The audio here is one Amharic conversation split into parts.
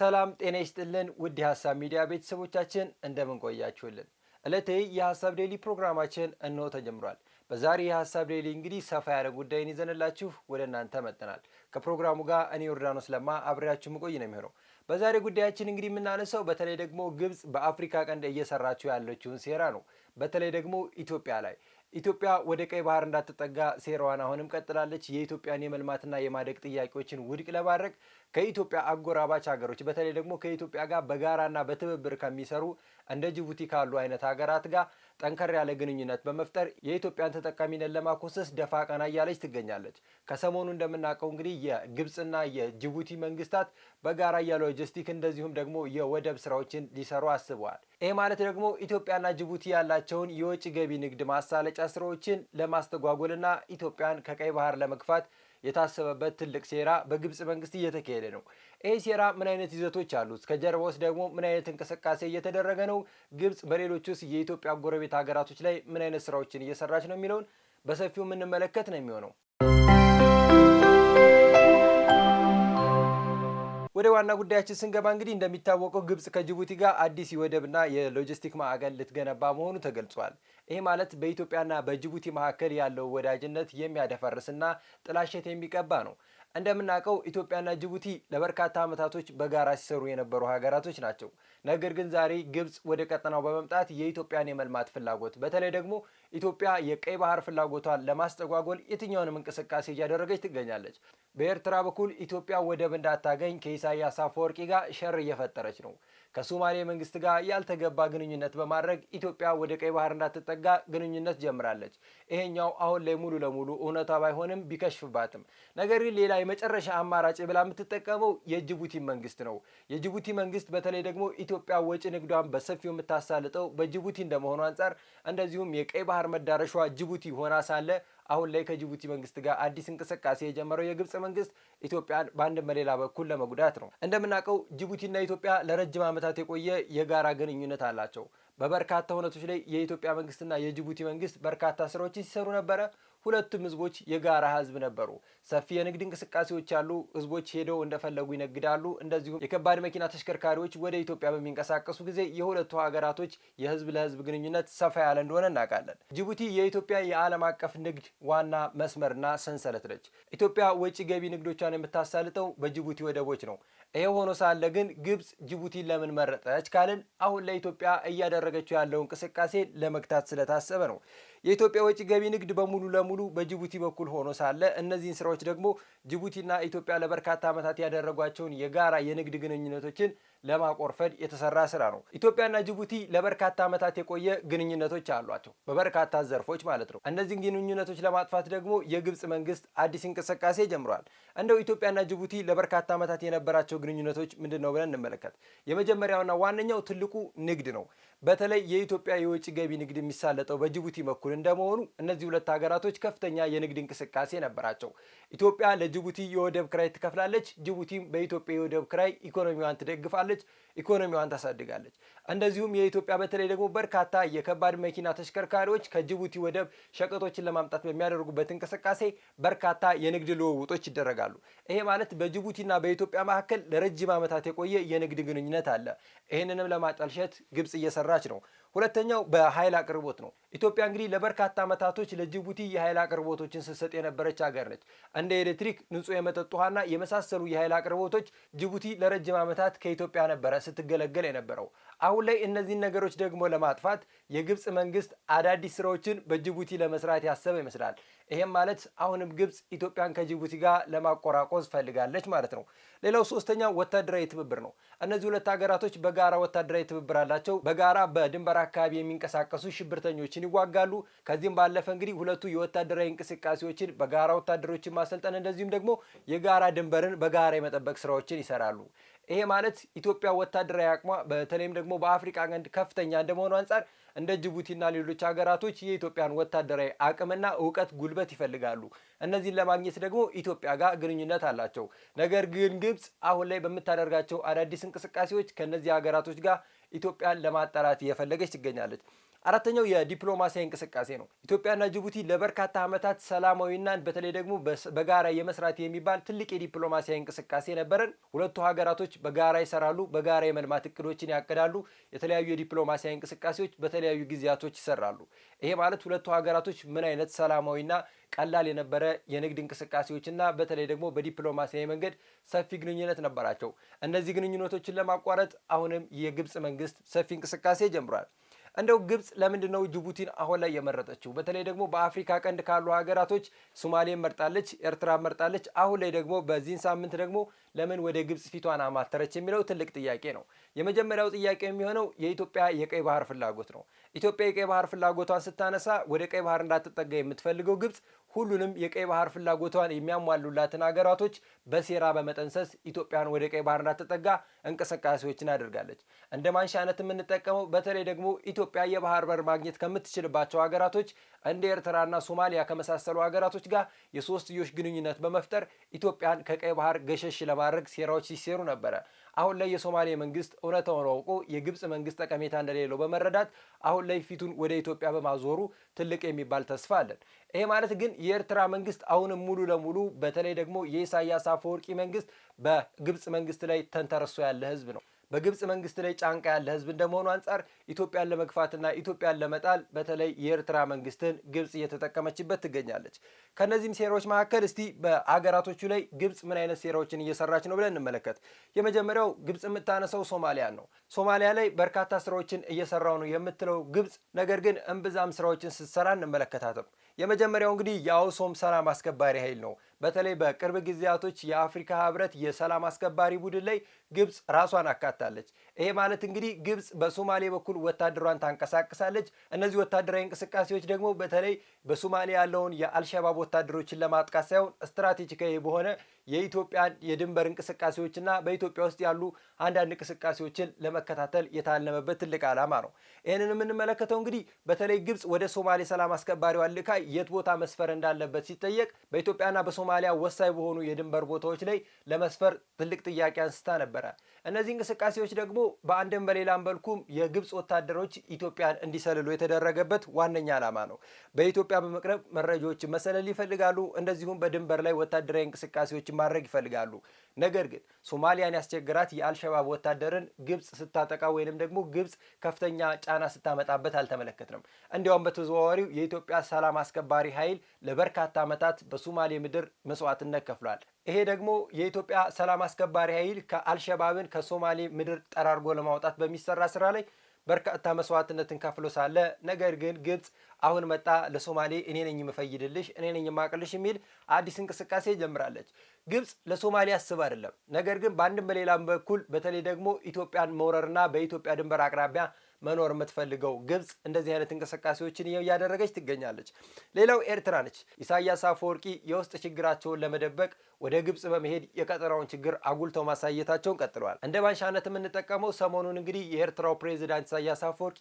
ሰላም ጤና ይስጥልን ውድ የሀሳብ ሚዲያ ቤተሰቦቻችን እንደምን ቆያችሁልን? ዕለቴ የሀሳብ ዴይሊ ፕሮግራማችን እኖ ተጀምሯል። በዛሬ የሀሳብ ዴይሊ እንግዲህ ሰፋ ያለ ጉዳይን ይዘንላችሁ ወደ እናንተ መጥተናል። ከፕሮግራሙ ጋር እኔ ዮርዳኖስ ለማ አብሬያችሁ ምቆይ ነው የሚሆነው። በዛሬ ጉዳያችን እንግዲህ የምናነሳው በተለይ ደግሞ ግብጽ በአፍሪካ ቀንድ እየሰራችው ያለችውን ሴራ ነው። በተለይ ደግሞ ኢትዮጵያ ላይ ኢትዮጵያ ወደ ቀይ ባህር እንዳትጠጋ ሴራዋን አሁንም ቀጥላለች። የኢትዮጵያን የመልማትና የማደግ ጥያቄዎችን ውድቅ ለማድረግ ከኢትዮጵያ አጎራባች ሀገሮች በተለይ ደግሞ ከኢትዮጵያ ጋር በጋራና በትብብር ከሚሰሩ እንደ ጅቡቲ ካሉ አይነት ሀገራት ጋር ጠንከር ያለ ግንኙነት በመፍጠር የኢትዮጵያን ተጠቃሚነት ለማኮሰስ ደፋ ቀና እያለች ትገኛለች። ከሰሞኑ እንደምናውቀው እንግዲህ የግብፅና የጅቡቲ መንግስታት በጋራ የሎጂስቲክ እንደዚሁም ደግሞ የወደብ ስራዎችን ሊሰሩ አስበዋል። ይህ ማለት ደግሞ ኢትዮጵያና ጅቡቲ ያላቸውን የውጭ ገቢ ንግድ ማሳለጫ ስራዎችን ለማስተጓጎልና ኢትዮጵያን ከቀይ ባህር ለመግፋት የታሰበበት ትልቅ ሴራ በግብጽ መንግስት እየተካሄደ ነው። ይህ ሴራ ምን አይነት ይዘቶች አሉት? ከጀርባ ውስጥ ደግሞ ምን አይነት እንቅስቃሴ እየተደረገ ነው? ግብጽ በሌሎች ውስጥ የኢትዮጵያ ጎረቤት ሀገራቶች ላይ ምን አይነት ስራዎችን እየሰራች ነው የሚለውን በሰፊው የምንመለከት ነው የሚሆነው። ወደ ዋና ጉዳያችን ስንገባ እንግዲህ እንደሚታወቀው ግብጽ ከጅቡቲ ጋር አዲስ የወደብና የሎጂስቲክ ማዕከል ልትገነባ መሆኑ ተገልጿል። ይህ ማለት በኢትዮጵያና በጅቡቲ መካከል ያለው ወዳጅነት የሚያደፈርስና ጥላሸት የሚቀባ ነው። እንደምናውቀው ኢትዮጵያና ጅቡቲ ለበርካታ ዓመታቶች በጋራ ሲሰሩ የነበሩ ሀገራቶች ናቸው። ነገር ግን ዛሬ ግብጽ ወደ ቀጠናው በመምጣት የኢትዮጵያን የመልማት ፍላጎት በተለይ ደግሞ ኢትዮጵያ የቀይ ባህር ፍላጎቷን ለማስተጓጎል የትኛውንም እንቅስቃሴ እያደረገች ትገኛለች። በኤርትራ በኩል ኢትዮጵያ ወደብ እንዳታገኝ ከኢሳያስ አፈወርቂ ጋር ሸር እየፈጠረች ነው። ከሶማሌ መንግስት ጋር ያልተገባ ግንኙነት በማድረግ ኢትዮጵያ ወደ ቀይ ባህር እንዳትጠጋ ግንኙነት ጀምራለች። ይሄኛው አሁን ላይ ሙሉ ለሙሉ እውነቷ ባይሆንም ቢከሽፍባትም፣ ነገር ግን ሌላ የመጨረሻ አማራጭ ብላ የምትጠቀመው የጅቡቲ መንግስት ነው። የጅቡቲ መንግስት በተለይ ደግሞ ኢትዮጵያ ወጪ ንግዷን በሰፊው የምታሳልጠው በጅቡቲ እንደመሆኑ አንጻር እንደዚሁም የቀይ ባህር መዳረሻዋ ጅቡቲ ሆና ሳለ አሁን ላይ ከጅቡቲ መንግስት ጋር አዲስ እንቅስቃሴ የጀመረው የግብጽ መንግስት ኢትዮጵያን በአንድም በሌላ በኩል ለመጉዳት ነው። እንደምናውቀው ጅቡቲና ኢትዮጵያ ለረጅም ዓመታት የቆየ የጋራ ግንኙነት አላቸው። በበርካታ ሁነቶች ላይ የኢትዮጵያ መንግስትና የጅቡቲ መንግስት በርካታ ስራዎችን ሲሰሩ ነበረ። ሁለቱም ህዝቦች የጋራ ህዝብ ነበሩ። ሰፊ የንግድ እንቅስቃሴዎች አሉ። ህዝቦች ሄደው እንደፈለጉ ይነግዳሉ። እንደዚሁም የከባድ መኪና ተሽከርካሪዎች ወደ ኢትዮጵያ በሚንቀሳቀሱ ጊዜ የሁለቱ ሀገራቶች የህዝብ ለህዝብ ግንኙነት ሰፋ ያለ እንደሆነ እናውቃለን። ጅቡቲ የኢትዮጵያ የዓለም አቀፍ ንግድ ዋና መስመርና ሰንሰለት ነች። ኢትዮጵያ ወጪ ገቢ ንግዶቿን የምታሳልጠው በጅቡቲ ወደቦች ነው። ይሄ ሆኖ ሳለ ግን ግብፅ ጅቡቲን ለምን መረጠች ካልን አሁን ለኢትዮጵያ እያደረ እያደረገችው ያለው እንቅስቃሴ ለመግታት ስለታሰበ ነው። የኢትዮጵያ ወጪ ገቢ ንግድ በሙሉ ለሙሉ በጅቡቲ በኩል ሆኖ ሳለ እነዚህን ስራዎች ደግሞ ጅቡቲና ኢትዮጵያ ለበርካታ ዓመታት ያደረጓቸውን የጋራ የንግድ ግንኙነቶችን ለማቆርፈድ የተሰራ ስራ ነው። ኢትዮጵያና ጅቡቲ ለበርካታ ዓመታት የቆየ ግንኙነቶች አሏቸው፣ በበርካታ ዘርፎች ማለት ነው። እነዚህን ግንኙነቶች ለማጥፋት ደግሞ የግብፅ መንግስት አዲስ እንቅስቃሴ ጀምረዋል። እንደው ኢትዮጵያና ጅቡቲ ለበርካታ ዓመታት የነበራቸው ግንኙነቶች ምንድን ነው ብለን እንመለከት። የመጀመሪያውና ዋነኛው ትልቁ ንግድ ነው። በተለይ የኢትዮጵያ የውጭ ገቢ ንግድ የሚሳለጠው በጅቡቲ በኩል በኩል እንደመሆኑ እነዚህ ሁለት ሀገራቶች ከፍተኛ የንግድ እንቅስቃሴ ነበራቸው። ኢትዮጵያ ለጅቡቲ የወደብ ክራይ ትከፍላለች፣ ጅቡቲም በኢትዮጵያ የወደብ ክራይ ኢኮኖሚዋን ትደግፋለች፣ ኢኮኖሚዋን ታሳድጋለች። እንደዚሁም የኢትዮጵያ በተለይ ደግሞ በርካታ የከባድ መኪና ተሽከርካሪዎች ከጅቡቲ ወደብ ሸቀጦችን ለማምጣት በሚያደርጉበት እንቅስቃሴ በርካታ የንግድ ልውውጦች ይደረጋሉ። ይሄ ማለት በጅቡቲና በኢትዮጵያ መካከል ለረጅም ዓመታት የቆየ የንግድ ግንኙነት አለ። ይህንንም ለማጠልሸት ግብጽ እየሰራች ነው። ሁለተኛው በኃይል አቅርቦት ነው። ኢትዮጵያ እንግዲህ ለበርካታ ዓመታቶች ለጅቡቲ የኃይል አቅርቦቶችን ስትሰጥ የነበረች ሀገር ነች። እንደ ኤሌክትሪክ፣ ንጹህ የመጠጥ ውሃና የመሳሰሉ የኃይል አቅርቦቶች ጅቡቲ ለረጅም ዓመታት ከኢትዮጵያ ነበረ ስትገለገል የነበረው። አሁን ላይ እነዚህን ነገሮች ደግሞ ለማጥፋት የግብፅ መንግስት አዳዲስ ስራዎችን በጅቡቲ ለመስራት ያሰበ ይመስላል። ይሄም ማለት አሁንም ግብፅ ኢትዮጵያን ከጅቡቲ ጋር ለማቆራቆዝ ፈልጋለች ማለት ነው። ሌላው ሶስተኛ ወታደራዊ ትብብር ነው። እነዚህ ሁለት ሀገራቶች በጋራ ወታደራዊ ትብብር አላቸው። በጋራ በድንበር አካባቢ የሚንቀሳቀሱ ሽብርተኞችን ይዋጋሉ። ከዚህም ባለፈ እንግዲህ ሁለቱ የወታደራዊ እንቅስቃሴዎችን በጋራ ወታደሮችን ማሰልጠን እንደዚሁም ደግሞ የጋራ ድንበርን በጋራ የመጠበቅ ስራዎችን ይሰራሉ። ይሄ ማለት ኢትዮጵያ ወታደራዊ አቅሟ በተለይም ደግሞ በአፍሪካ ቀንድ ከፍተኛ እንደመሆኑ አንጻር እንደ ጅቡቲና ሌሎች ሀገራቶች የኢትዮጵያን ወታደራዊ አቅምና እውቀት ጉልበት ይፈልጋሉ። እነዚህን ለማግኘት ደግሞ ኢትዮጵያ ጋር ግንኙነት አላቸው። ነገር ግን ግብጽ አሁን ላይ በምታደርጋቸው አዳዲስ እንቅስቃሴዎች ከእነዚህ ሀገራቶች ጋር ኢትዮጵያን ለማጣላት እየፈለገች ትገኛለች። አራተኛው የዲፕሎማሲያዊ እንቅስቃሴ ነው። ኢትዮጵያና ጅቡቲ ለበርካታ ዓመታት ሰላማዊና በተለይ ደግሞ በጋራ የመስራት የሚባል ትልቅ የዲፕሎማሲያዊ እንቅስቃሴ ነበረን። ሁለቱ ሀገራቶች በጋራ ይሰራሉ፣ በጋራ የመልማት እቅዶችን ያቅዳሉ። የተለያዩ የዲፕሎማሲያዊ እንቅስቃሴዎች በተለያዩ ጊዜያቶች ይሰራሉ። ይሄ ማለት ሁለቱ ሀገራቶች ምን አይነት ሰላማዊና ቀላል የነበረ የንግድ እንቅስቃሴዎችና በተለይ ደግሞ በዲፕሎማሲያዊ መንገድ ሰፊ ግንኙነት ነበራቸው። እነዚህ ግንኙነቶችን ለማቋረጥ አሁንም የግብፅ መንግስት ሰፊ እንቅስቃሴ ጀምሯል። እንደው ግብጽ ለምንድን ነው ጅቡቲን አሁን ላይ የመረጠችው? በተለይ ደግሞ በአፍሪካ ቀንድ ካሉ ሀገራቶች ሶማሌን መርጣለች፣ ኤርትራ መርጣለች። አሁን ላይ ደግሞ በዚህን ሳምንት ደግሞ ለምን ወደ ግብፅ ፊቷን አማተረች የሚለው ትልቅ ጥያቄ ነው። የመጀመሪያው ጥያቄ የሚሆነው የኢትዮጵያ የቀይ ባህር ፍላጎት ነው። ኢትዮጵያ የቀይ ባህር ፍላጎቷን ስታነሳ ወደ ቀይ ባህር እንዳትጠጋ የምትፈልገው ግብፅ ሁሉንም የቀይ ባህር ፍላጎቷን የሚያሟሉላትን ሀገራቶች በሴራ በመጠንሰስ ኢትዮጵያን ወደ ቀይ ባህር እንዳትጠጋ እንቅስቃሴዎችን አድርጋለች። እንደ ማንሻነት የምንጠቀመው በተለይ ደግሞ ኢትዮጵያ የባህር በር ማግኘት ከምትችልባቸው ሀገራቶች እንደ ኤርትራና ሶማሊያ ከመሳሰሉ ሀገራቶች ጋር የሶስትዮሽ ግንኙነት በመፍጠር ኢትዮጵያን ከቀይ ባህር ገሸሽ የሚያንጸባርቅ ሴራዎች ሲሴሩ ነበረ። አሁን ላይ የሶማሌ መንግስት እውነታውን አውቆ የግብፅ መንግስት ጠቀሜታ እንደሌለው በመረዳት አሁን ላይ ፊቱን ወደ ኢትዮጵያ በማዞሩ ትልቅ የሚባል ተስፋ አለን። ይሄ ማለት ግን የኤርትራ መንግስት አሁንም ሙሉ ለሙሉ በተለይ ደግሞ የኢሳያስ አፈወርቂ መንግስት በግብፅ መንግስት ላይ ተንተርሶ ያለ ህዝብ ነው። በግብፅ መንግስት ላይ ጫንቃ ያለ ህዝብ እንደመሆኑ አንጻር ኢትዮጵያን ለመግፋትና ኢትዮጵያን ለመጣል በተለይ የኤርትራ መንግስትን ግብፅ እየተጠቀመችበት ትገኛለች። ከእነዚህም ሴራዎች መካከል እስቲ በአገራቶቹ ላይ ግብፅ ምን አይነት ሴራዎችን እየሰራች ነው ብለን እንመለከት። የመጀመሪያው ግብፅ የምታነሳው ሶማሊያን ነው። ሶማሊያ ላይ በርካታ ስራዎችን እየሰራው ነው የምትለው ግብፅ ነገር ግን እምብዛም ስራዎችን ስትሰራ እንመለከታትም። የመጀመሪያው እንግዲህ የአውሶም ሰላም አስከባሪ ኃይል ነው። በተለይ በቅርብ ጊዜያቶች የአፍሪካ ህብረት የሰላም አስከባሪ ቡድን ላይ ግብፅ ራሷን አካታለች። ይሄ ማለት እንግዲህ ግብጽ በሶማሌ በኩል ወታደሯን ታንቀሳቅሳለች። እነዚህ ወታደራዊ እንቅስቃሴዎች ደግሞ በተለይ በሶማሌ ያለውን የአልሸባብ ወታደሮችን ለማጥቃት ሳይሆን ስትራቴጂካዊ በሆነ የኢትዮጵያን የድንበር እንቅስቃሴዎችና በኢትዮጵያ ውስጥ ያሉ አንዳንድ እንቅስቃሴዎችን ለመከታተል የታለመበት ትልቅ ዓላማ ነው። ይህንን የምንመለከተው እንግዲህ በተለይ ግብጽ ወደ ሶማሌ ሰላም አስከባሪዋ ልካ የት ቦታ መስፈር እንዳለበት ሲጠየቅ በኢትዮጵያና በሶማሊያ ወሳኝ በሆኑ የድንበር ቦታዎች ላይ ለመስፈር ትልቅ ጥያቄ አንስታ ነበረ። እነዚህ እንቅስቃሴዎች ደግሞ በአንድም በሌላም በልኩም የግብፅ ወታደሮች ኢትዮጵያን እንዲሰልሉ የተደረገበት ዋነኛ ዓላማ ነው። በኢትዮጵያ በመቅረብ መረጃዎችን መሰለል ይፈልጋሉ። እንደዚሁም በድንበር ላይ ወታደራዊ እንቅስቃሴዎችን ማድረግ ይፈልጋሉ። ነገር ግን ሶማሊያን ያስቸግራት የአልሸባብ ወታደርን ግብፅ ስታጠቃ ወይንም ደግሞ ግብፅ ከፍተኛ ጫና ስታመጣበት አልተመለከትንም። እንዲያውም በተዘዋዋሪው የኢትዮጵያ ሰላም አስከባሪ ኃይል ለበርካታ ዓመታት በሶማሌ ምድር መስዋዕትነት ከፍሏል። ይሄ ደግሞ የኢትዮጵያ ሰላም አስከባሪ ኃይል ከአልሸባብን ከሶማሌ ምድር ጠራርጎ ለማውጣት በሚሰራ ስራ ላይ በርካታ መስዋዕትነትን ከፍሎ ሳለ ነገር ግን ግብጽ አሁን መጣ ለሶማሌ እኔ ነኝ የምፈይድልሽ እኔ ነኝ የማቅልሽ የሚል አዲስ እንቅስቃሴ ጀምራለች። ግብጽ ለሶማሌ አስብ አይደለም። ነገር ግን በአንድም በሌላም በኩል በተለይ ደግሞ ኢትዮጵያን መውረርና በኢትዮጵያ ድንበር አቅራቢያ መኖር የምትፈልገው ግብጽ እንደዚህ አይነት እንቅስቃሴዎችን እያደረገች ትገኛለች። ሌላው ኤርትራ ነች። ኢሳያስ አፈወርቂ የውስጥ ችግራቸውን ለመደበቅ ወደ ግብጽ በመሄድ የቀጠናውን ችግር አጉልተው ማሳየታቸውን ቀጥለዋል። እንደ ባንሻነት የምንጠቀመው ሰሞኑን እንግዲህ የኤርትራው ፕሬዚዳንት ኢሳያስ አፈወርቂ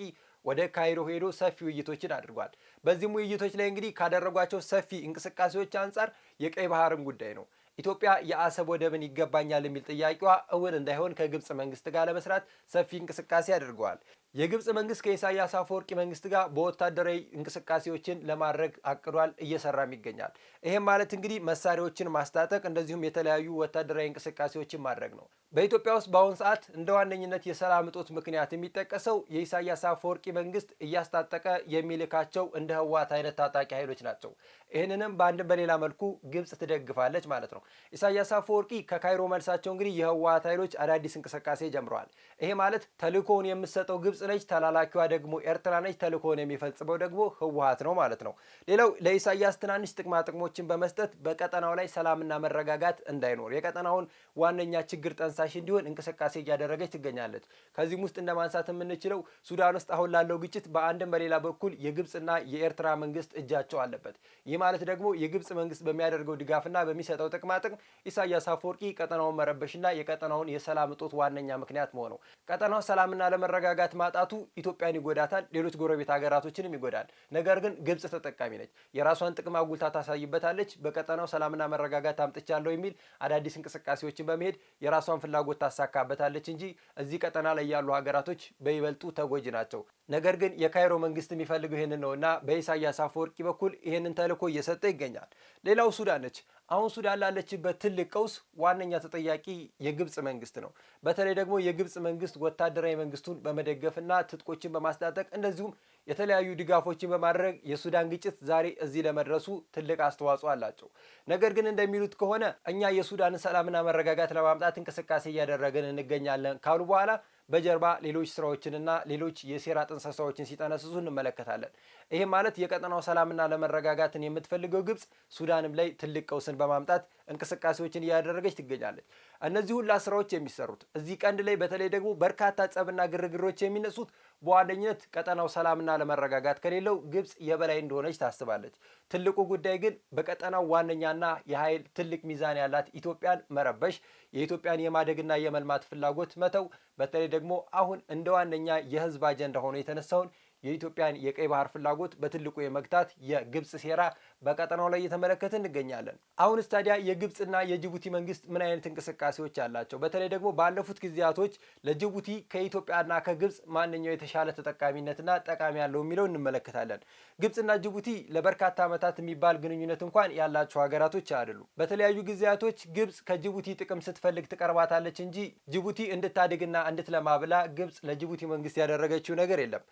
ወደ ካይሮ ሄዶ ሰፊ ውይይቶችን አድርጓል። በዚህም ውይይቶች ላይ እንግዲህ ካደረጓቸው ሰፊ እንቅስቃሴዎች አንጻር የቀይ ባህርን ጉዳይ ነው ኢትዮጵያ የአሰብ ወደብን ይገባኛል የሚል ጥያቄዋ እውን እንዳይሆን ከግብፅ መንግስት ጋር ለመስራት ሰፊ እንቅስቃሴ አድርገዋል። የግብፅ መንግስት ከኢሳያስ አፈወርቂ መንግስት ጋር በወታደራዊ እንቅስቃሴዎችን ለማድረግ አቅዷል፣ እየሰራም ይገኛል። ይህም ማለት እንግዲህ መሳሪያዎችን ማስታጠቅ እንደዚሁም የተለያዩ ወታደራዊ እንቅስቃሴዎችን ማድረግ ነው። በኢትዮጵያ ውስጥ በአሁኑ ሰዓት እንደ ዋነኝነት የሰላም እጦት ምክንያት የሚጠቀሰው የኢሳያስ አፈወርቂ መንግስት እያስታጠቀ የሚልካቸው እንደ ህወሓት አይነት ታጣቂ ኃይሎች ናቸው። ይህንንም በአንድም በሌላ መልኩ ግብጽ ትደግፋለች ማለት ነው። ኢሳያስ አፈወርቂ ከካይሮ መልሳቸው እንግዲህ የህወሀት ኃይሎች አዳዲስ እንቅስቃሴ ጀምረዋል። ይሄ ማለት ተልእኮውን የምትሰጠው ግብጽ ነች፣ ተላላኪዋ ደግሞ ኤርትራ ነች፣ ተልእኮውን የሚፈጽመው ደግሞ ህወሀት ነው ማለት ነው። ሌላው ለኢሳያስ ትናንሽ ጥቅማ ጥቅሞችን በመስጠት በቀጠናው ላይ ሰላምና መረጋጋት እንዳይኖር የቀጠናውን ዋነኛ ችግር ጠንሳሽ እንዲሆን እንቅስቃሴ እያደረገች ትገኛለች። ከዚህም ውስጥ እንደ ማንሳት የምንችለው ሱዳን ውስጥ አሁን ላለው ግጭት በአንድም በሌላ በኩል የግብጽና የኤርትራ መንግስት እጃቸው አለበት። ይህ ማለት ደግሞ የግብጽ መንግስት በሚያደርገው ድጋፍና በሚሰጠው ጥቅማጥቅም ኢሳያስ አፈወርቂ ቀጠናውን መረበሽና የቀጠናውን የሰላም እጦት ዋነኛ ምክንያት መሆኑ ቀጠናው ሰላምና ለመረጋጋት ማጣቱ ኢትዮጵያን ይጎዳታል፣ ሌሎች ጎረቤት ሀገራቶችንም ይጎዳል። ነገር ግን ግብጽ ተጠቃሚ ነች። የራሷን ጥቅም አጉልታ ታሳይበታለች። በቀጠናው ሰላምና መረጋጋት አምጥቻለሁ የሚል አዳዲስ እንቅስቃሴዎችን በመሄድ የራሷን ፍላጎት ታሳካበታለች እንጂ እዚህ ቀጠና ላይ ያሉ ሀገራቶች በይበልጡ ተጎጂ ናቸው። ነገር ግን የካይሮ መንግስት የሚፈልገው ይህንን ነው እና በኢሳያስ አፈወርቂ በኩል ይህንን ተልዕኮ እየሰጠ ይገኛል። ሌላው ሱዳን ነች። አሁን ሱዳን ላለችበት ትልቅ ቀውስ ዋነኛ ተጠያቂ የግብፅ መንግስት ነው። በተለይ ደግሞ የግብፅ መንግስት ወታደራዊ መንግስቱን በመደገፍና ትጥቆችን በማስታጠቅ እንደዚሁም የተለያዩ ድጋፎችን በማድረግ የሱዳን ግጭት ዛሬ እዚህ ለመድረሱ ትልቅ አስተዋጽኦ አላቸው። ነገር ግን እንደሚሉት ከሆነ እኛ የሱዳንን ሰላምና መረጋጋት ለማምጣት እንቅስቃሴ እያደረግን እንገኛለን ካሉ በኋላ በጀርባ ሌሎች ስራዎችንና ሌሎች የሴራ ጥንሰሳዎችን ሲጠነስሱ እንመለከታለን። ይህም ማለት የቀጠናው ሰላምና ለመረጋጋትን የምትፈልገው ግብጽ ሱዳንም ላይ ትልቅ ቀውስን በማምጣት እንቅስቃሴዎችን እያደረገች ትገኛለች። እነዚህ ሁላ ስራዎች የሚሰሩት እዚህ ቀንድ ላይ በተለይ ደግሞ በርካታ ጸብና ግርግሮች የሚነሱት በዋነኝነት ቀጠናው ሰላምና ለመረጋጋት ከሌለው ግብጽ የበላይ እንደሆነች ታስባለች። ትልቁ ጉዳይ ግን በቀጠናው ዋነኛና የኃይል ትልቅ ሚዛን ያላት ኢትዮጵያን መረበሽ የኢትዮጵያን የማደግና የመልማት ፍላጎት መተው በተለይ ደግሞ አሁን እንደ ዋነኛ የህዝብ አጀንዳ ሆኖ የተነሳውን የኢትዮጵያን የቀይ ባህር ፍላጎት በትልቁ የመግታት የግብፅ ሴራ በቀጠናው ላይ እየተመለከት እንገኛለን። አሁንስ ታዲያ የግብፅና የጅቡቲ መንግስት ምን አይነት እንቅስቃሴዎች አላቸው? በተለይ ደግሞ ባለፉት ጊዜያቶች ለጅቡቲ ከኢትዮጵያና ከግብፅ ማንኛው የተሻለ ተጠቃሚነትና ጠቃሚ ያለው የሚለው እንመለከታለን። ግብፅና ጅቡቲ ለበርካታ ዓመታት የሚባል ግንኙነት እንኳን ያላቸው ሀገራቶች አይደሉም። በተለያዩ ጊዜያቶች ግብፅ ከጅቡቲ ጥቅም ስትፈልግ ትቀርባታለች እንጂ ጅቡቲ እንድታድግና እንድትለማ ብላ ግብፅ ለጅቡቲ መንግስት ያደረገችው ነገር የለም።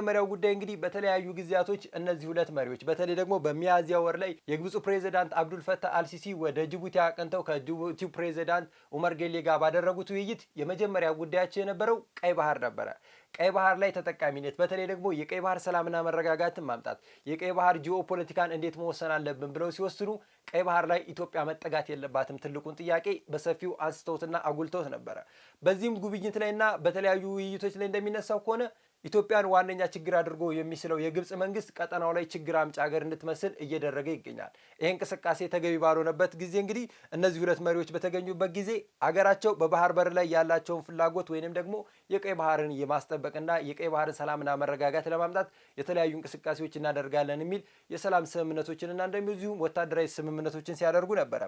የመጀመሪያው ጉዳይ እንግዲህ በተለያዩ ጊዜያቶች እነዚህ ሁለት መሪዎች በተለይ ደግሞ በሚያዝያ ወር ላይ የግብፁ ፕሬዚዳንት አብዱልፈታህ አልሲሲ ወደ ጅቡቲ አቅንተው ከጅቡቲው ፕሬዚዳንት ኡመር ጌሌ ጋር ባደረጉት ውይይት የመጀመሪያ ጉዳያቸው የነበረው ቀይ ባህር ነበረ። ቀይ ባህር ላይ ተጠቃሚነት በተለይ ደግሞ የቀይ ባህር ሰላምና መረጋጋትን ማምጣት የቀይ ባህር ጂኦ ፖለቲካን እንዴት መወሰን አለብን ብለው ሲወስኑ ቀይ ባህር ላይ ኢትዮጵያ መጠጋት የለባትም ትልቁን ጥያቄ በሰፊው አንስተውትና አጉልተውት ነበረ። በዚህም ጉብኝት ላይና በተለያዩ ውይይቶች ላይ እንደሚነሳው ከሆነ ኢትዮጵያን ዋነኛ ችግር አድርጎ የሚስለው የግብፅ መንግስት ቀጠናው ላይ ችግር አምጪ ሀገር እንድትመስል እየደረገ ይገኛል። ይህ እንቅስቃሴ ተገቢ ባልሆነበት ጊዜ እንግዲህ እነዚህ ሁለት መሪዎች በተገኙበት ጊዜ አገራቸው በባህር በር ላይ ያላቸውን ፍላጎት ወይንም ደግሞ የቀይ ባህርን የማስጠበቅና የቀይ ባህርን ሰላምና መረጋጋት ለማምጣት የተለያዩ እንቅስቃሴዎች እናደርጋለን የሚል የሰላም ስምምነቶችንና እንደዚሁም ወታደራዊ ስምምነቶችን ሲያደርጉ ነበረ።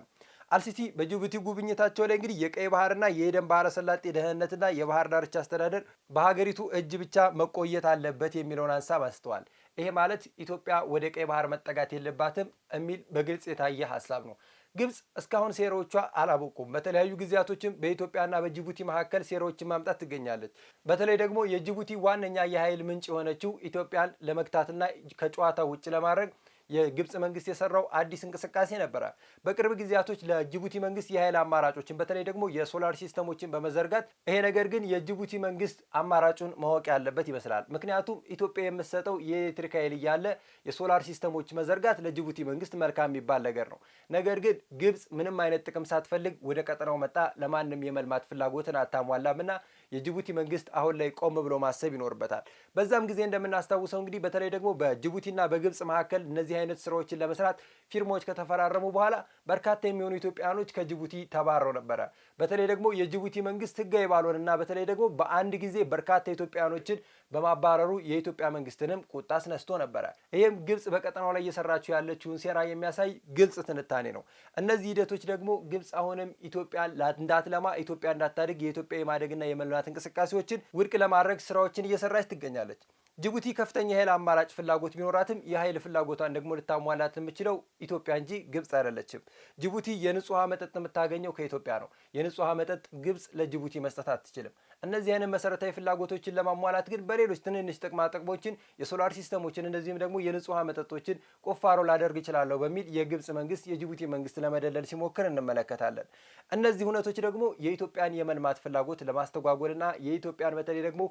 አልሲሲ በጅቡቲ ጉብኝታቸው ላይ እንግዲህ የቀይ ባህርና የኤደን ባህረ ሰላጤ ደህንነትና የባህር ዳርቻ አስተዳደር በሀገሪቱ እጅ ብቻ መቆየት አለበት የሚለውን ሀሳብ አንስተዋል። ይሄ ማለት ኢትዮጵያ ወደ ቀይ ባህር መጠጋት የለባትም የሚል በግልጽ የታየ ሀሳብ ነው። ግብጽ እስካሁን ሴራዎቿ አላበቁም። በተለያዩ ጊዜያቶችም በኢትዮጵያና በጅቡቲ መካከል ሴራዎችን ማምጣት ትገኛለች። በተለይ ደግሞ የጅቡቲ ዋነኛ የኃይል ምንጭ የሆነችው ኢትዮጵያን ለመግታትና ከጨዋታ ውጭ ለማድረግ የግብፅ መንግስት የሰራው አዲስ እንቅስቃሴ ነበረ። በቅርብ ጊዜያቶች ለጅቡቲ መንግስት የኃይል አማራጮችን በተለይ ደግሞ የሶላር ሲስተሞችን በመዘርጋት ይሄ ነገር ግን የጅቡቲ መንግስት አማራጩን ማወቅ ያለበት ይመስላል። ምክንያቱም ኢትዮጵያ የምትሰጠው የኤሌክትሪክ ኃይል እያለ የሶላር ሲስተሞች መዘርጋት ለጅቡቲ መንግስት መልካም የሚባል ነገር ነው። ነገር ግን ግብፅ ምንም አይነት ጥቅም ሳትፈልግ ወደ ቀጠናው መጣ ለማንም የመልማት ፍላጎትን አታሟላምና የጅቡቲ መንግስት አሁን ላይ ቆም ብሎ ማሰብ ይኖርበታል። በዛም ጊዜ እንደምናስታውሰው እንግዲህ በተለይ ደግሞ በጅቡቲና በግብጽ መካከል እነዚህ አይነት ስራዎችን ለመስራት ፊርማዎች ከተፈራረሙ በኋላ በርካታ የሚሆኑ ኢትዮጵያኖች ከጅቡቲ ተባረው ነበረ። በተለይ ደግሞ የጅቡቲ መንግስት ህጋዊ ባልሆነና በተለይ ደግሞ በአንድ ጊዜ በርካታ ኢትዮጵያኖችን በማባረሩ የኢትዮጵያ መንግስትንም ቁጣ አስነስቶ ነበረ። ይህም ግብጽ በቀጠናው ላይ እየሰራችው ያለችውን ሴራ የሚያሳይ ግልጽ ትንታኔ ነው። እነዚህ ሂደቶች ደግሞ ግብጽ አሁንም ኢትዮጵያ እንዳትለማ፣ ኢትዮጵያ እንዳታድግ የኢትዮጵያ የማደግና የመልማት እንቅስቃሴዎችን ውድቅ ለማድረግ ስራዎችን እየሰራች ትገኛለች። ጅቡቲ ከፍተኛ የኃይል አማራጭ ፍላጎት ቢኖራትም የኃይል ፍላጎቷን ደግሞ ልታሟላት የምችለው ኢትዮጵያ እንጂ ግብጽ አይደለችም። ጅቡቲ የንጹህ መጠጥ የምታገኘው ከኢትዮጵያ ነው። የንጹህ መጠጥ ግብጽ ለጅቡቲ መስጠት አትችልም። እነዚህ አይነት መሰረታዊ ፍላጎቶችን ለማሟላት ግን በሌሎች ትንንሽ ጥቅማ ጥቅሞችን የሶላር ሲስተሞችን እንደዚህም ደግሞ የንጹህ መጠጦችን ቁፋሮ ላደርግ እችላለሁ በሚል የግብጽ መንግስት የጅቡቲ መንግስት ለመደለል ሲሞክር እንመለከታለን። እነዚህ እውነቶች ደግሞ የኢትዮጵያን የመልማት ፍላጎት ለማስተጓጎልና የኢትዮጵያን በተለይ ደግሞ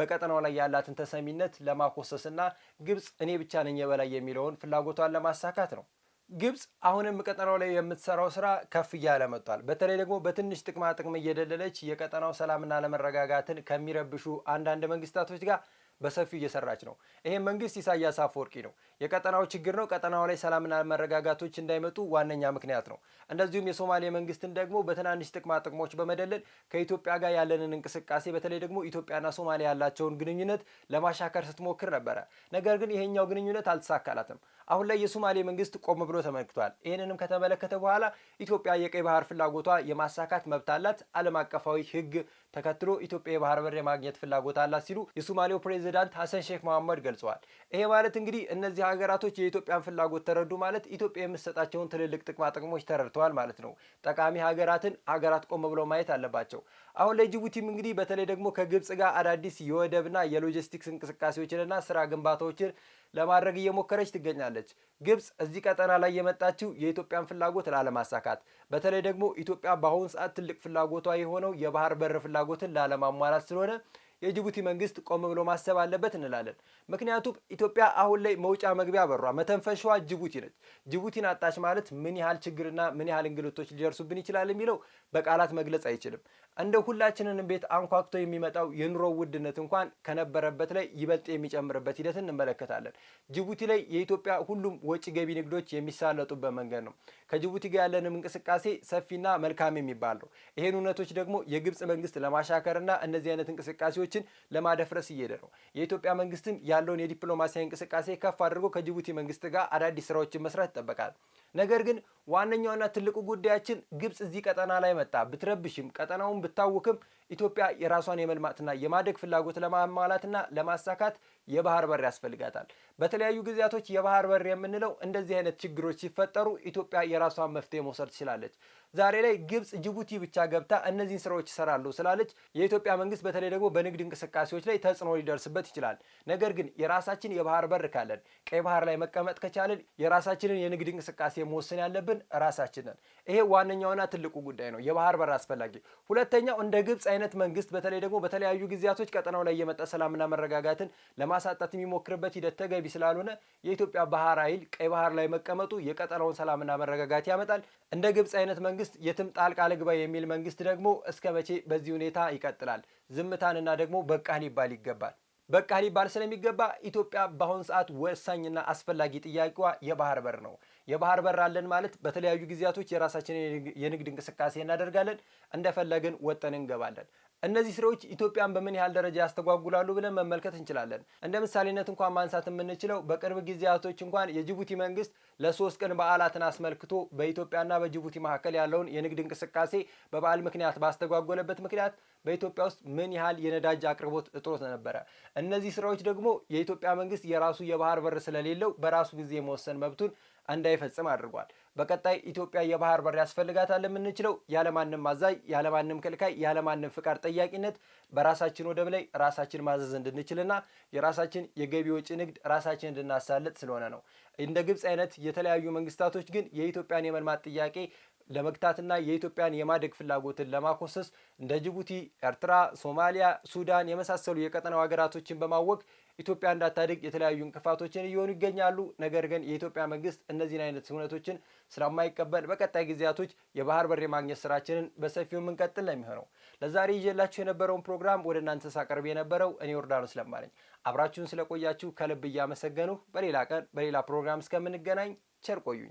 በቀጠናው ላይ ያላትን ተሰሚነት ለማኮሰስና ግብጽ እኔ ብቻ ነኝ የበላይ የሚለውን ፍላጎቷን ለማሳካት ነው። ግብፅ አሁንም ቀጠናው ላይ የምትሰራው ስራ ከፍ እያለ መጥቷል። በተለይ ደግሞ በትንሽ ጥቅማ ጥቅም እየደለለች የቀጠናው ሰላምና ለመረጋጋትን ከሚረብሹ አንዳንድ መንግስታቶች ጋር በሰፊው እየሰራች ነው። ይሄ መንግስት ኢሳያስ አፈወርቂ ነው። የቀጠናው ችግር ነው። ቀጠናው ላይ ሰላምና መረጋጋቶች እንዳይመጡ ዋነኛ ምክንያት ነው። እንደዚሁም የሶማሌ መንግስትን ደግሞ በትናንሽ ጥቅማ ጥቅሞች በመደለል ከኢትዮጵያ ጋር ያለንን እንቅስቃሴ በተለይ ደግሞ ኢትዮጵያና ሶማሌ ያላቸውን ግንኙነት ለማሻከር ስትሞክር ነበረ። ነገር ግን ይሄኛው ግንኙነት አልተሳካላትም። አሁን ላይ የሶማሌ መንግስት ቆም ብሎ ተመልክቷል። ይህንንም ከተመለከተ በኋላ ኢትዮጵያ የቀይ ባህር ፍላጎቷ የማሳካት መብት አላት። ዓለም አቀፋዊ ህግ ተከትሎ ኢትዮጵያ የባህር በር የማግኘት ፍላጎት አላት ሲሉ የሶማሌው ፕሬዚዳንት ሀሰን ሼክ መሐመድ ገልጸዋል። ይሄ ማለት እንግዲህ እነዚህ ሀገራቶች የኢትዮጵያን ፍላጎት ተረዱ ማለት ኢትዮጵያ የምትሰጣቸውን ትልልቅ ጥቅማ ጥቅሞች ተረድተዋል ማለት ነው። ጠቃሚ ሀገራትን ሀገራት ቆም ብለው ማየት አለባቸው። አሁን ለጅቡቲም እንግዲህ በተለይ ደግሞ ከግብጽ ጋር አዳዲስ የወደብና የሎጂስቲክስ እንቅስቃሴዎችንና ስራ ግንባታዎችን ለማድረግ እየሞከረች ትገኛለች። ግብጽ እዚህ ቀጠና ላይ የመጣችው የኢትዮጵያን ፍላጎት ላለማሳካት፣ በተለይ ደግሞ ኢትዮጵያ በአሁኑ ሰዓት ትልቅ ፍላጎቷ የሆነው የባህር በር ፍላጎትን ላለማሟላት ስለሆነ የጅቡቲ መንግስት ቆም ብሎ ማሰብ አለበት እንላለን። ምክንያቱም ኢትዮጵያ አሁን ላይ መውጫ መግቢያ በሯ መተንፈሻዋ ጅቡቲ ነች። ጅቡቲን አጣች ማለት ምን ያህል ችግርና ምን ያህል እንግልቶች ሊደርሱብን ይችላል የሚለው በቃላት መግለጽ አይችልም። እንደ ሁላችንንም ቤት አንኳክቶ የሚመጣው የኑሮ ውድነት እንኳን ከነበረበት ላይ ይበልጥ የሚጨምርበት ሂደት እንመለከታለን። ጅቡቲ ላይ የኢትዮጵያ ሁሉም ወጪ ገቢ ንግዶች የሚሳለጡበት መንገድ ነው። ከጅቡቲ ጋር ያለንም እንቅስቃሴ ሰፊና መልካም የሚባል ነው። ይሄን እውነቶች ደግሞ የግብፅ መንግስት ለማሻከርና እነዚህ አይነት እንቅስቃሴዎች ዜጎችን ለማደፍረስ እየሄደ ነው። የኢትዮጵያ መንግስትም ያለውን የዲፕሎማሲያዊ እንቅስቃሴ ከፍ አድርጎ ከጅቡቲ መንግስት ጋር አዳዲስ ስራዎችን መስራት ይጠበቃል። ነገር ግን ዋነኛውና ትልቁ ጉዳያችን ግብጽ እዚህ ቀጠና ላይ መጣ ብትረብሽም ቀጠናውን ብታውክም ኢትዮጵያ የራሷን የመልማትና የማደግ ፍላጎት ለማሟላትና ለማሳካት የባህር በር ያስፈልጋታል። በተለያዩ ጊዜያቶች የባህር በር የምንለው እንደዚህ አይነት ችግሮች ሲፈጠሩ ኢትዮጵያ የራሷን መፍትሄ መውሰድ ትችላለች። ዛሬ ላይ ግብጽ ጅቡቲ ብቻ ገብታ እነዚህን ስራዎች ይሰራሉ ስላለች የኢትዮጵያ መንግስት በተለይ ደግሞ በንግድ እንቅስቃሴዎች ላይ ተጽዕኖ ሊደርስበት ይችላል። ነገር ግን የራሳችን የባህር በር ካለን ቀይ ባህር ላይ መቀመጥ ከቻለን የራሳችንን የንግድ እንቅስቃሴ መወሰን ያለብን ራሳችንን። ይሄ ዋነኛውና ትልቁ ጉዳይ ነው፣ የባህር በር አስፈላጊ። ሁለተኛው እንደ ግብጽ አይነት መንግስት በተለይ ደግሞ በተለያዩ ጊዜያቶች ቀጠናው ላይ የመጣ ሰላምና መረጋጋትን ለማሳጣት የሚሞክርበት ሂደት ተገቢ ስላልሆነ የኢትዮጵያ ባህር ኃይል ቀይ ባህር ላይ መቀመጡ የቀጠናውን ሰላምና መረጋጋት ያመጣል። እንደ ግብፅ አይነት መንግስት የትም ጣልቃ ልግባ የሚል መንግስት ደግሞ እስከ መቼ በዚህ ሁኔታ ይቀጥላል? ዝምታንና ደግሞ በቃ ሊባል ይገባል። በቃ ሊባል ስለሚገባ ኢትዮጵያ በአሁኑ ሰዓት ወሳኝና አስፈላጊ ጥያቄዋ የባህር በር ነው። የባህር በር አለን ማለት በተለያዩ ጊዜያቶች የራሳችንን የንግድ እንቅስቃሴ እናደርጋለን፣ እንደፈለግን ወጠን እንገባለን። እነዚህ ስራዎች ኢትዮጵያን በምን ያህል ደረጃ ያስተጓጉላሉ ብለን መመልከት እንችላለን። እንደ ምሳሌነት እንኳን ማንሳት የምንችለው በቅርብ ጊዜያቶች እንኳን የጅቡቲ መንግስት ለሶስት ቀን በዓላትን አስመልክቶ በኢትዮጵያና በጅቡቲ መካከል ያለውን የንግድ እንቅስቃሴ በበዓል ምክንያት ባስተጓጎለበት ምክንያት በኢትዮጵያ ውስጥ ምን ያህል የነዳጅ አቅርቦት እጥሮት ነበረ። እነዚህ ስራዎች ደግሞ የኢትዮጵያ መንግስት የራሱ የባህር በር ስለሌለው በራሱ ጊዜ መወሰን መብቱን እንዳይፈጽም አድርጓል። በቀጣይ ኢትዮጵያ የባህር በር ያስፈልጋታል የምንችለው ያለማንም አዛዥ፣ ያለማንም ከልካይ፣ ያለማንም ፍቃድ ጠያቂነት በራሳችን ወደብ ላይ ራሳችን ማዘዝ እንድንችልና የራሳችን የገቢ ወጪ ንግድ ራሳችን እንድናሳልጥ ስለሆነ ነው። እንደ ግብፅ አይነት የተለያዩ መንግስታቶች ግን የኢትዮጵያን የመልማት ጥያቄ ለመግታትና የኢትዮጵያን የማደግ ፍላጎትን ለማኮሰስ እንደ ጅቡቲ፣ ኤርትራ፣ ሶማሊያ፣ ሱዳን የመሳሰሉ የቀጠናው ሀገራቶችን በማወቅ ኢትዮጵያ እንዳታድግ የተለያዩ እንቅፋቶችን እየሆኑ ይገኛሉ። ነገር ግን የኢትዮጵያ መንግስት እነዚህን አይነት እውነቶችን ስለማይቀበል በቀጣይ ጊዜያቶች የባህር በር የማግኘት ስራችንን በሰፊው የምንቀጥል ነው የሚሆነው። ለዛሬ ይዤላችሁ የነበረውን ፕሮግራም ወደ እናንተ ሳቀርብ የነበረው እኔ ዮርዳኖስ ለማ ነኝ። አብራችሁን ስለቆያችሁ ከልብ እያመሰገንሁ በሌላ ቀን በሌላ ፕሮግራም እስከምንገናኝ ቸር ቆዩኝ።